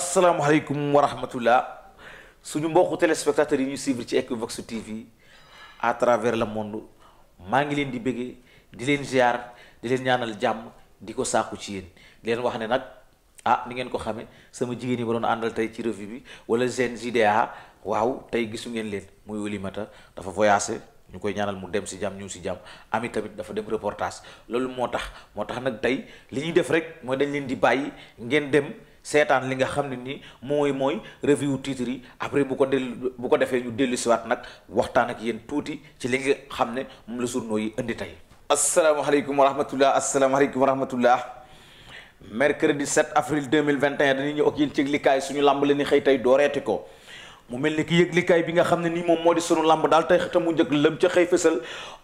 asalaamaaleykum wa rahmatullah suñu mbokku téléspectateurs yi ñu suivre ci Equivox TV à travers le monde maa ngi leen di bëggee di leen ziar di leen ñaanal jàmm di ko saaku ci yéen leen wax ne nag ah ni ngeen ko xamee sama jigéen yi ma doon àndal tey ci revue bi wala GNJDA waaw tey gisu ngeen leen muy Oulimata dafa voyagé ñu koy ñaanal mu dem si jàmm ñu si jàmm ami tamit dafa dem reportage loolu moo tax moo tax nag tey li ñuy def rek mooy dañ leen di bàyyi ngeen dem. seetaan li nga xam ne ni mooy mooy review titre yi après bu ko dell bu ko defee ñu dellu siwaat nag waxtaan ak yéen tuuti ci li nga xam ne moom la journaux yi indi tey asalaamaaleykum wa rahmatullah asalaamaaleykum wa rahmatullah mercredi 7 avril 2021 dañuy ñëw ak yéen ci likaay suñu làmb la ni xëy tey dooreeti ko mu mel ni ki yëglikaay bi nga xam ne nii moom moo di sunu làmb daal tey xëta mu njëkk lëm ca xëy fësal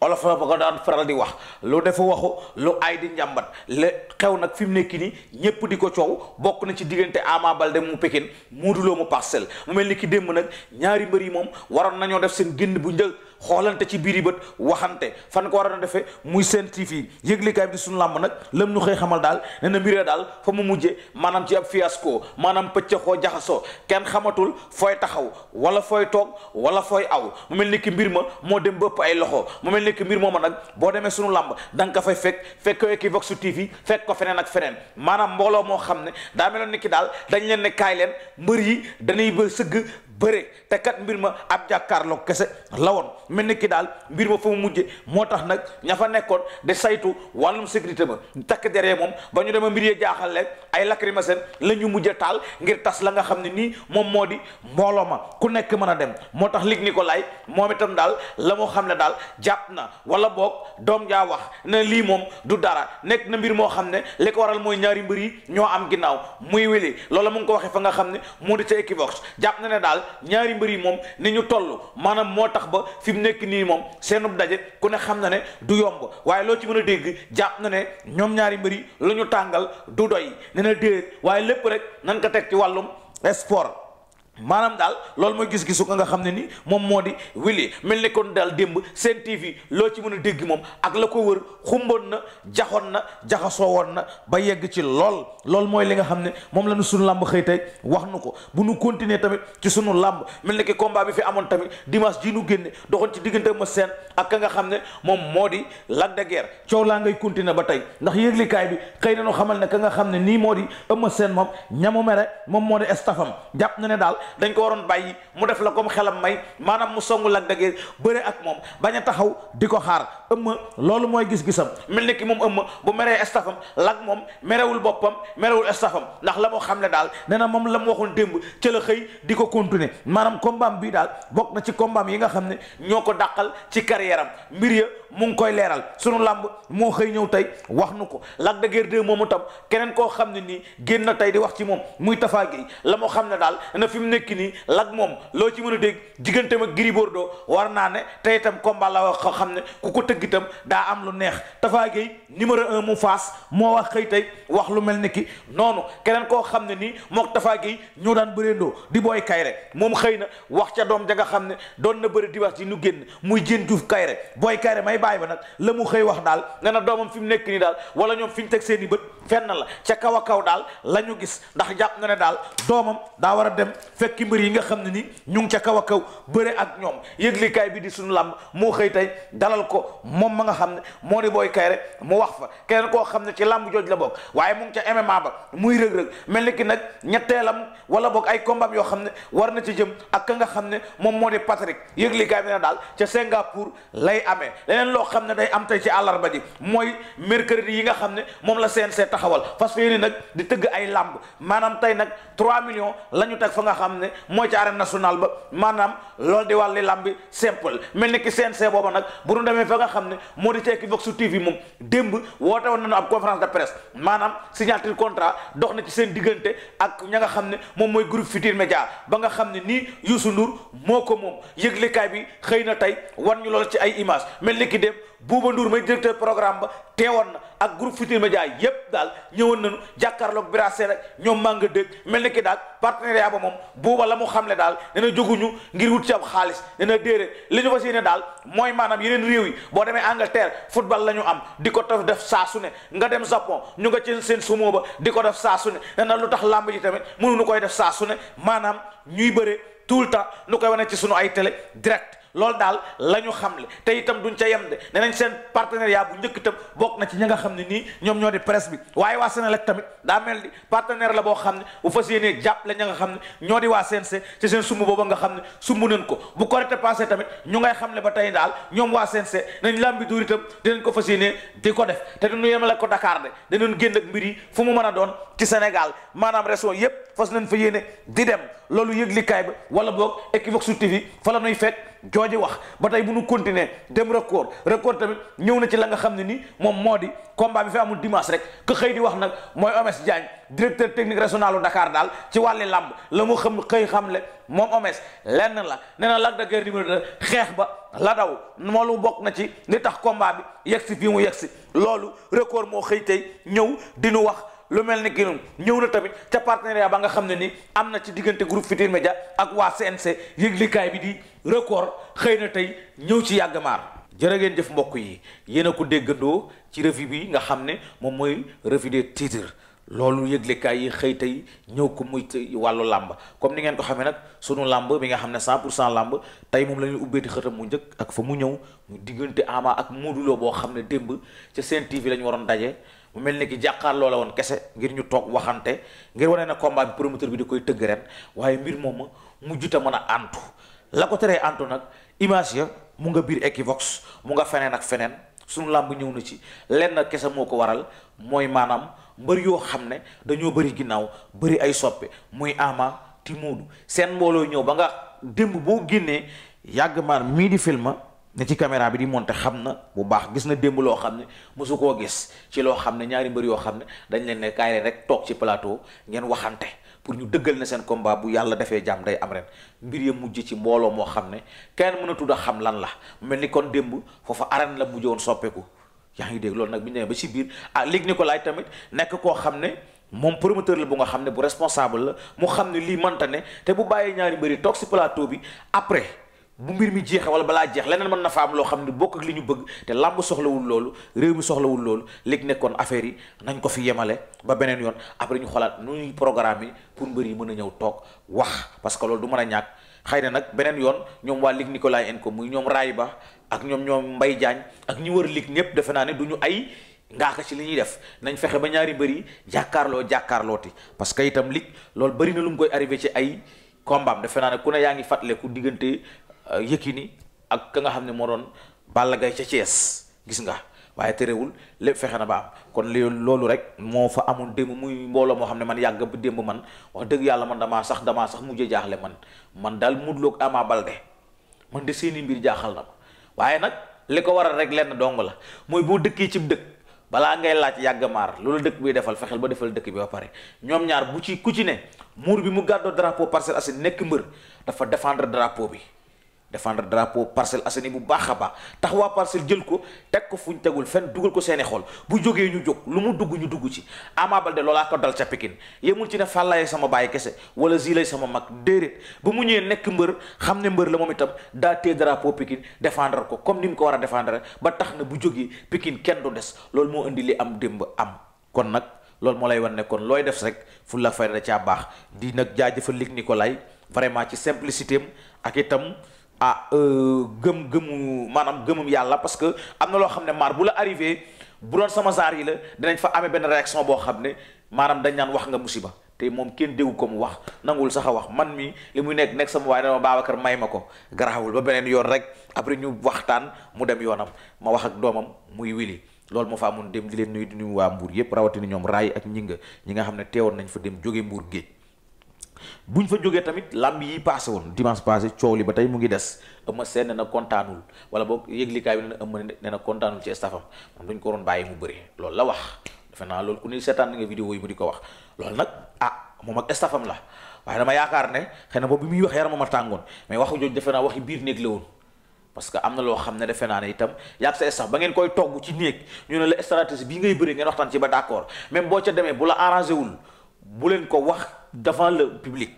olof ba ko daan faral di wax lu defa waxu lu ay di njàmbat le xew nag fi mu nekk nii ñépp di ko coow bokk na ci diggante Ama Baldé mu Pikine Modou Lo mu Parcelles mu mel ni ki démb nag ñaari mbër yi moom waroon nañoo def seen génn bu njëkk xoolante ci biir yi bët waxante fan ko war a defee muy seen tiif yi yëglikaay bi di suñu làmb nag lëm nu xëy xamal daal ne na mbiree daal fa mu mujje maanaam ci ab fiasco maanaam pëccëxoo jaxasoo kenn xamatul fooy taxaw wala fooy toog wala fooy aw mu mel ni ki mbir ma moo dem bëpp ay loxo mu mel ni ki mbir mooma nag boo demee suñu làmb da nga ko fekk fekk ko Equivox TV fekk ko feneen ak feneen maanaam mbooloo moo xam ne daa meloon ni ki daal dañ leen ne mbër yi dañuy ba sëgg bëre te mbir ma ab jàkkaarloo kese la mel ni ki daal mbir ma fa mu mujje moo tax nag ña fa nekkoon de saytu wàllum sécurité ba takk deree moom ba ñu dema mbir yee jaaxal leen ay lacrymogène la ñu mujje taal ngir tas la nga xam ne nii moom moo di mbooloo ma ku nekk mën a dem moo tax ni lig Nicolas moom itam daal la moo xam ne daal jàpp na wala boog doom jaa wax ne lii moom du dara nekk na mbir moo xam ne li ko waral mooy ñaari mbër yi ñoo am ginnaaw muy wéli loola mu ngi ko waxee fa nga xam ne moo di ca Equivox jàpp na daal ñaari mbir yi moom ni ñu tax ba nekk nii moom seenub daje ku ne xam na ne du yomb waaye loo ci mën a dégg jàpp na ne ñoom ñaari mbër yi ñu tàngal du doy ne na déet waaye lépp rek nan ko teg ci wàllum sport maanaam daal loolu mooy gis-gisu nga xam ne ni moom di Willy mel ni daal démb seen loo ci mën a dégg moom ak la ko wër xumboon na jaxoon na jaxasoo woon na ba yegg ci lool loolu mooy li nga xam ne moom la nu sunu làmb xëy tey wax nu ko bu nu continuer tamit ci sunu làmb mel ni ki combat bi fi amoon tamit dimanche ji nu génne doxoon ci diggante ma seen ak ka nga xam ne moom moo di Lac de coow laa ngay continuer ba tey ndax yëglikaay bi xëy na nu xamal ne ka nga xam ne nii moo di ëmma seen moom ñamu mere moom moo di estafam jàpp na ne daal dañ ko waroon bàyyi mu def la comme xelam may maanaam mu songu Lac de Guiers bëre ak moom bañ a taxaw di ko xaar ëmma loolu mooy gis-gisam mel ni ki moom ëmma bu meree estafam Lac moom merewul boppam merewul estafam ndax la moo xam ne daal nena moom la mu waxoon démb ca xëy di ko continuer maanaam combat bii daal bokk na ci combat yi nga xam ne ñoo ko dàqal ci carrière mbir ya mu ngi koy leeral sunu làmb moo xëy ñëw tey wax nu ko Lac de Guiers 2 moomu tam keneen koo xam ne nii génn na tey di wax ci moom muy tafaa Gueye la xam ne daal na fi mu nekk nii Lac moom loo ci mën a dégg digganteem ak Gris Bordeaux war naa ne tey itam combat la wax xam ne ku ko tëgg itam daa am lu neex Tapha Gueye numéro un mu faas moo wax xëy tey wax lu mel ni ki noonu keneen koo xam ne nii mook Tapha Gueye ñoo daan bëreendoo di booy kayre moom xëy na wax ca doom ja nga xam ne doon na bëri di wax ji nu génn muy jén juuf kayre booy kayre may baay ba nag mu xëy wax daal ne na doomam fi mu nekk nii daal wala ñoom fi ñu teg seen i bët fenn la ca kaw a kaw daal la gis ndax jàpp na ne daal doomam daa war a dem fekk mbër yi nga xam ne ni ñu ngi ca kaw a kaw bëre ak ñoom yëglikaay bi di suñu làmb moo xëy tey dalal ko moom ma nga xam ne moo di booy kayre mu wax fa keneen koo xam ne ci làmb jooj la bokk waaye mu ngi ca MMA ba muy rëg mel ni ki nag ñetteelam wala boog ay combat yoo xam ne war na ci jëm ak ka nga xam ne moom moo di Patrick yëglikaay bi ne daal ca Singapour lay amee leneen loo xam ne day am tey ci àllarba ji mooy mercredi yi nga xam ne moom la CNC taxawal fas yéene nag di tëgg ay làmb maanaam tey nag 3 millions la ñu teg fa nga xam ne moo ci arène nationale ba maanaam loolu di wàlli làmbi simple mel ni ki CNC booba nag bu ñu demee fa nga xam ne moo di ci Equivox TV moom démb woo te woote na nañu ab conférence de presse maanaam signature contrat dox na ci seen diggante ak ña nga xam ne moom mooy groupe Futur Média ba nga xam ne nii Youssou Ndour moo ko moom yëglekaay bi xëy na tey wan ñu lool ci ay image mel ni ki ki dem Bouba Ndour may directeur programme ba teewoon na ak groupe Futurs Médias yépp daal ñëwoon nañu jàkkaarloog birasee rek ñoom maa nga mel ni ki daal partenariat ba moom Bouba la mu xamle daal dana joguñu ngir wut ci ab xaalis dana déedéet li ñu fas yéene daal mooy maanaam yeneen réew yi boo demee Angleterre football la ñu am di ko taf def saa su ne nga dem Japon ñu nga ci seen sumo ba di ko def saa su ne dana lu tax làmb ji tamit mënuñu koy def saa su ne maanaam ñuy bëre tout le temps nu koy wane ci sunu ay télé direct loolu daal la ñu xamle te itam duñ ca yem de ne nañ seen partenariat bu njëkk itam bokk na ci ñi nga xam ne nii ñoom ñoo di presse bi waaye waa Senelec tamit daa mel ni partenaire la boo xam ne bu fas yéenee jàppale ña nga xam ne ñoo di waa CNC ci seen nga xam ne sumb nañ ko bu Korité passé tamit ñu ngay xamle ba tey daal ñoom waa CNC nañ làmbi duur itam dinañ ko fas yéenee di ko def te duñu yemale ko dakaar de dinañ génn ak mbir yi fu mu mën a doon ci Sénégal maanaam région yépp fas nañ fa yéene di dem loolu yëglikaay ba wala boog Equivox TV fa la nuy fekk jooju wax ba tey bu nu continuer dem record record tamit ñëw na ci la nga xam ne nii moom moo di combat bi fi amul dimanche rek ka xëy di wax nag mooy Omes Diagne directeur technique régionalu ndakaar daal ci wàlli làmb la mu xam xëy xamle moom Omes lenn la lag na Lac de Guiers numéro 2 xeex ba la daw moolu bokk na ci ni tax combat bi yegsi fii mu yegsi loolu record moo xëy tey ñëw di wax. lu mel ni kii ñëw na tamit ca partenariat ba nga xam ne ni am na ci diggante groupe Futurs Médias ak waa CNC yëglikaay bi di record xëy na tey ñëw ci yàgg maar ngeen jëf mbokk yi yéen a ko déggandoo ci revue bi nga xam ne moom mooy revue des titres loolu yëglekaay yi xëy tey ñëw ko muy wàllu làmb comme ni ngeen ko xamee nag sunu làmb bi nga xam ne 100 pour cent làmb tey moom la ñuy ubbeeti xëtam mu njëkk ak fa mu ñëw mu diggante Ama ak Modou Lo boo xam ne démb ca Sen TV la ñu waroon daje mu mel ni ki jàkkaar loola woon kese ngir ñu toog waxante ngir wane ne combat bi promoteur bi di koy tëgg ren waaye mbir moom mu te mën a antu la ko teree antu nag image ya mu nga biir Equivox mu nga feneen ak feneen sunu làmb ñëw na ci lenn kese moo ko waral mooy maanaam. mbër yoo xam ne dañoo bëri ginnaaw bëri ay soppe muy Ama ti Moodu seen mbooloo ñëw ba nga démb boo génnee yàgg maar mii di film ne ci caméra bi di monté xam na bu baax gis na démb loo xam ne mosu koo gis ci loo xam ne ñaari mbër yoo xam ne dañ leen ne kaay rek toog ci palaato ngeen waxante pour ñu dëggal ne seen combat bu yàlla defee jàmm day am ren mbir ya mujj ci mbooloo moo xam ne kenn mën a tudd a xam lan la mel ni kon démb foofu arène la mujj woon soppeeku yaa ngi dégg loolu nag bu ñu demee ba ci biir ah léegi Nicolas tamit nekk koo xam ne moom promoteur la bu nga xam ne bu responsable la mu xam ne lii mënta ne te bu bàyyee ñaari mbëri toog si plateau bi après bu mbir mi jeexee wala balaa jeex leneen man na fa am loo xam ne bokk ak li ñu bëgg te làmb soxlawul loolu réew mi soxlawul loolu léegi nekkoon affaire yi nañ ko fi yemale ba beneen yoon après ñu xoolaat nu ñuy programme yi pour mbër yi mën a ñëw toog wax parce que loolu du mën a ñàkk xëy na nag beneen yoon ñoom waa Ligue Nicolas en ko muy ñoom raay ba ak ñoom ñoom mbay Diagne ak ñi wër lig ñëpp defe naa ne du ñu ay ngaaka ci li ñuy def nañ fexe ba ñaari mbër yi jàkkaarloo jàkkaarlooti parce que itam lig loolu bëri na lu mu koy arrivé ci ay combat defe naa ne ku ne yaa ngi fàttaliku diggante euh, Yékini ak nga xam ne moo doon Balla ca Thiès gis nga waaye terewul lépp fexe na ba kon li loolu rek moo fa amoon démb muy mbooloo moo xam ne man yàgg bu démb man wax dëgg yàlla man damaa sax damaa sax mujj jaaxle man man daal Modou amaa ak Ama man de seeni mbir jaaxal na ma waaye nag li ko waral rek lenn dong la mooy boo dëkkee yi dëkk balaa ngay laaj yàgg maar loolu dëkk bi defal fexeel ba defal dëkk bi ba pare ñoom ñaar bu ci ku ci ne muur bi mu gàddoo drapeau Parcelles Assainies nekk mbër dafa défendre drapeau bi défendre drapeau Parcelles Assainies bu baax a baax tax waa Parcelles jël ko teg ko fuñ tegul fen dugal ko seeni xol bu jógee ñu jóg lu mu dugg ñu dugg ci Ama Baldé loolaa ko dal ca Pikine yemul ci ne fàllaye sama baay kese wala zilay sama mag déedéet ba mu ñëwee nekk mbër xam ne mbër la moom itam daa te drapeau Pikine défendre ko comme ni mu ko war a défendre ba tax na bu jógee Pikine kenn du des loolu moo indi li am démb am kon nag loolu moo lay wan ne looy def rek fu la fayda caa baax di nag jaajëfal Luc vraiment ci simplicité am ak itam ah gëm gëmu maanaam gëmum yàlla parce que am na loo xam ne maar bu la arrivé bu doon sama saar yi la dinañ fa ame benn réaction boo xam ne maanaam dañ naan wax nga musiba te moom kenn déggu ko mu wax nanguwul sax a wax man mi li muy nekk nekk sama waaye dama Babacar may ma ko garaawul ba beneen yoon rek après ñu waxtaan mu dem yoonam ma wax ak doomam muy wili loolu moo fa amoon dem di leen nuyu di nuyu waa Mbour yëpp rawatina ñoom raay ak ñi nga ñi nga xam ne teewoon nañ fa dem jóge Mbour géej ñu fa jógee tamit làmb yi passé woon dimanche passé coow li ba tey mu ngi des Eumeu Sène ne na kontaanul wala boog yëglikaay bi ne na Eumeu ne na kontaanul ci staffam moom dañ ko doon bàyyi mu bëri loolu la wax defe naa loolu ku ni seetaan nga vidéo yi mu di ko wax loolu nag ah moom ak staffam la waaye dama yaakaar ne xëy na boobu bi muy wax yaramam a tàngoon mais waxu jooju defe naa waxi biir néeg la woon parce que am na loo xam ne defe naa ne itam yàgg sa staff ngeen koy togg ci néeg ñu ne la stratégie bii ngay bëree ngeen waxtaan ci ba d'accord même boo ca demee bu la arrangé wul bu leen ko wax devant le public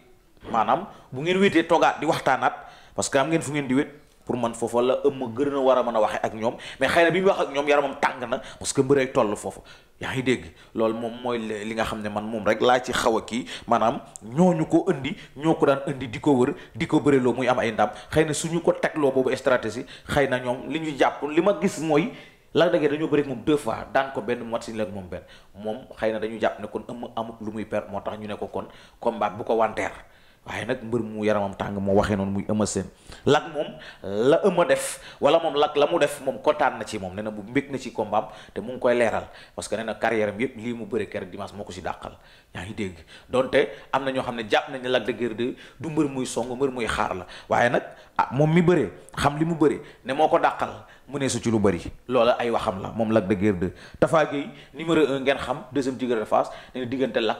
maanaam bu ngeen wéetee toogaat di waxtaanaat parce que am ngeen fu ngeen di wéet pour man foofa la ëmm gën a war a mën a waxee ak ñoom mais xayna bi mu wax ak ñoom yaramam tàng na parce que mbëray toll foofu yaa ngi dégg loolu moom mooy li nga xam ne man moom rek laa ci xaw a kii maanaam ñu ko indi ñoo ko daan indi di ko wër di ko bëreloo muy am ay ndam xëy na suñu ko tegloo boobu stratégie xëy na ñoom li ñu jàpp li ma gis mooy Lac degee Guiers dañoo bëri moom deux fois daan ko benn match si la ak moom benn moom xay na dañu jàpp ne kon ëmm amut lu muy per moo tax ñu ne ko kon combat bu ko wanteer waaye nag mbër mu yaramam tàng moo waxee noonu muy ëmma seen Lac moom la ëmma def wala moom Lac la mu def moom kontaan na ci moom nee na bu mbég na ci kombaam te mu koy leeral parce que nee na carrière am yépp mu bëri keroog dimanche moo ko si dàqal yaa ngi dégg donte am na ñoo xam ne jàpp nañ ne Lac de du mbër muy song mbër muy xaar la waaye nag ah, moom mi bëree xam li mu bëri ne moo ko dàqal mu ne su ci lu bëri loola ay waxam la moom Lac de Guiers 2 Tapha Gueye ngeen xam deuxième tigre de Fass ne diggante Lac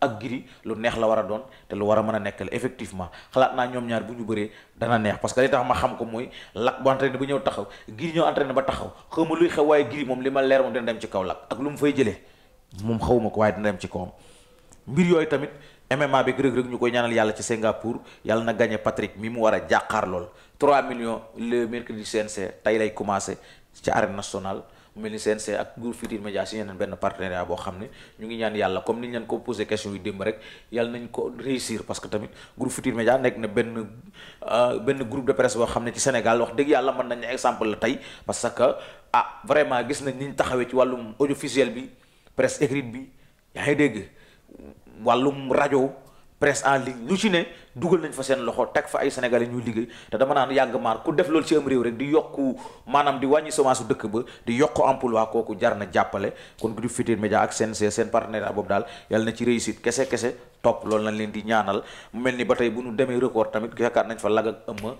ak Gris lu neex la war a doon te lu war a mën a nekk la effectivement xalaat naa ñoom ñaar bu ñu bëree dana neex parce que li tax ma xam ko mooy Lac bu entraîné bu ñëw taxaw Gris ñëw entraîné ba taxaw xawma luy xew waaye Gris moom li ma leer moom dina dem ci kaw Lac ak lu mu fay jëlee moom xawuma ko waaye dina dem ci kaw mbir yooyu MMA bi rëg-rëg ñu koy ñaanal yàlla ci Singapour yàlla na gagné Patrick mi mu war a jàqaar lool 3 millions le mercredi CNC tey lay commencé ci arène nationale mu mel ni CNC ak Groupe Futurs Médias si yeneen benn partenariat boo xam ne ñu ngi ñaan yàlla comme ni ñu leen ko posé question yu démb rek yàlla nañ ko réussir parce que tamit Groupe Futurs Médias nekk na benn euh, benn groupe de presse boo xam ne ci Sénégal wax dëgg yàlla mën nañ exemple la tey parce que ah gis nañ ni ñu taxawee ci wàllum audiovisuel bi presse écrite bi yaa ngi dégg wàllum rajo presque en ligne lu ci ne dugal nañ fa seen loxo teg fa ay sénégalais ñuy liggéey te dama naan yàgg maar ku def lool ci am réew rek di yokku maanaam di wàññi semence su dëkk ba di yokku emploi kooku jar na jàppale kon di Futurs Médias ak seen seen partenariat boobu daal yàlla na ci réussite kese kese topp loolu lañ leen di ñaanal mel ni ba tey bu ñu demee record tamit yaakaar nañ fa lag ak ëmma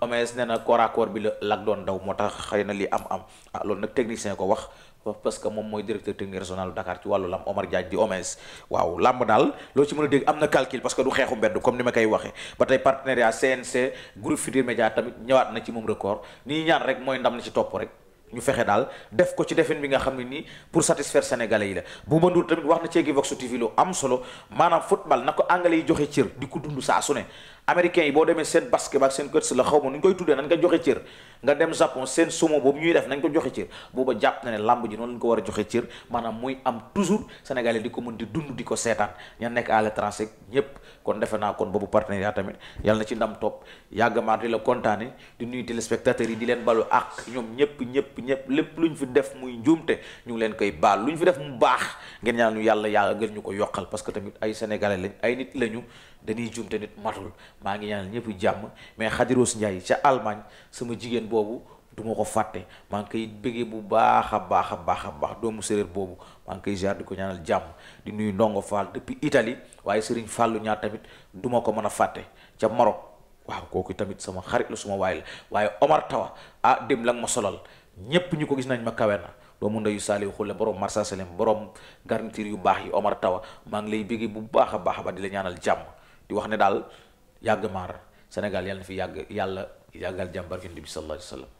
omes nee na corps bi la lag doon daw moo tax xëy na li am am ah, loolu nag technicien ko wax parce que moom mooy directeur technique régional Dakar ci wàllu lam Omar Diagne di Omes waaw lamb daal loo ci mën a dégg am na calcul parce que du xeexu mbedd comme ni ma koy waxee ba tey partenariat CNC groupe Futurs Médias tamit ñëwaat na ci moom record ni ñaan rek mooy ndam na ci topp rek ñu fexe daal def ko ci defin bi nga xam ne nii pour satisfaire sénégalais yi la bu ma tamit wax na ci Equivox TV lu am solo maanaam football na ko anglais yi joxe di ko dund saa su américains yi boo demee seen basket ak seen kër la xaw ma nu ñu koy tuddee nañ ko joxe cër nga dem Japon seen sumo boobu ñuy def nañ ko joxe cër booba jàpp na ne làmb ji ko war a joxe cër maanaam muy am toujours sénégalais di ko mën di dund di ko seetaan ña nekk à l'étranger ñépp kon defe naa kon bu partenariat tamit yàlla na ci ndam topp yàgg maar di la kontaane di nuyu téléspectateurs yi di leen balu ak ñoom ñëpp ñëpp ñëpp lépp lu ñu fi def muy njuumte ñu leen koy baal lu ñu fi def mu baax ngeen ñaan ñu yàlla yàlla gën ñu ko yokkal parce que tamit ay sénégalais ay nit lañu danuy jumte nit matul maa ngi ñaanal ñëpp jàmm mais Khadiros Ndiaye ca Allemagne sama jigéen boobu duma ko fàtte maa ngi koy bëggee bu baax a baax a baax a baax doomu séréer boobu maa ngi koy jaar di ko ñaanal jàmm di nuyu ndongo Fall depuis itali waaye Serigne fàllu ñaa tamit duma ko mën a fàtte ca Maroc waaw kooku tamit sama xarit la suma waay waaye Omar Tawa ah dem la ma solal ñépp ñu ko gis nañ ma kawe na doomu ndeyu saaliyu xulle borom marsa salem borom garniture yu baax yi Omar Tawa maa ngi lay bëggee bu baax a baax ba di la ñaanal jàmm di wax ne daal yàgg maar senegal yàlla na fi yàgg yàlla yàggal jàmbar yonent bi sallallahu alayhi wa sallam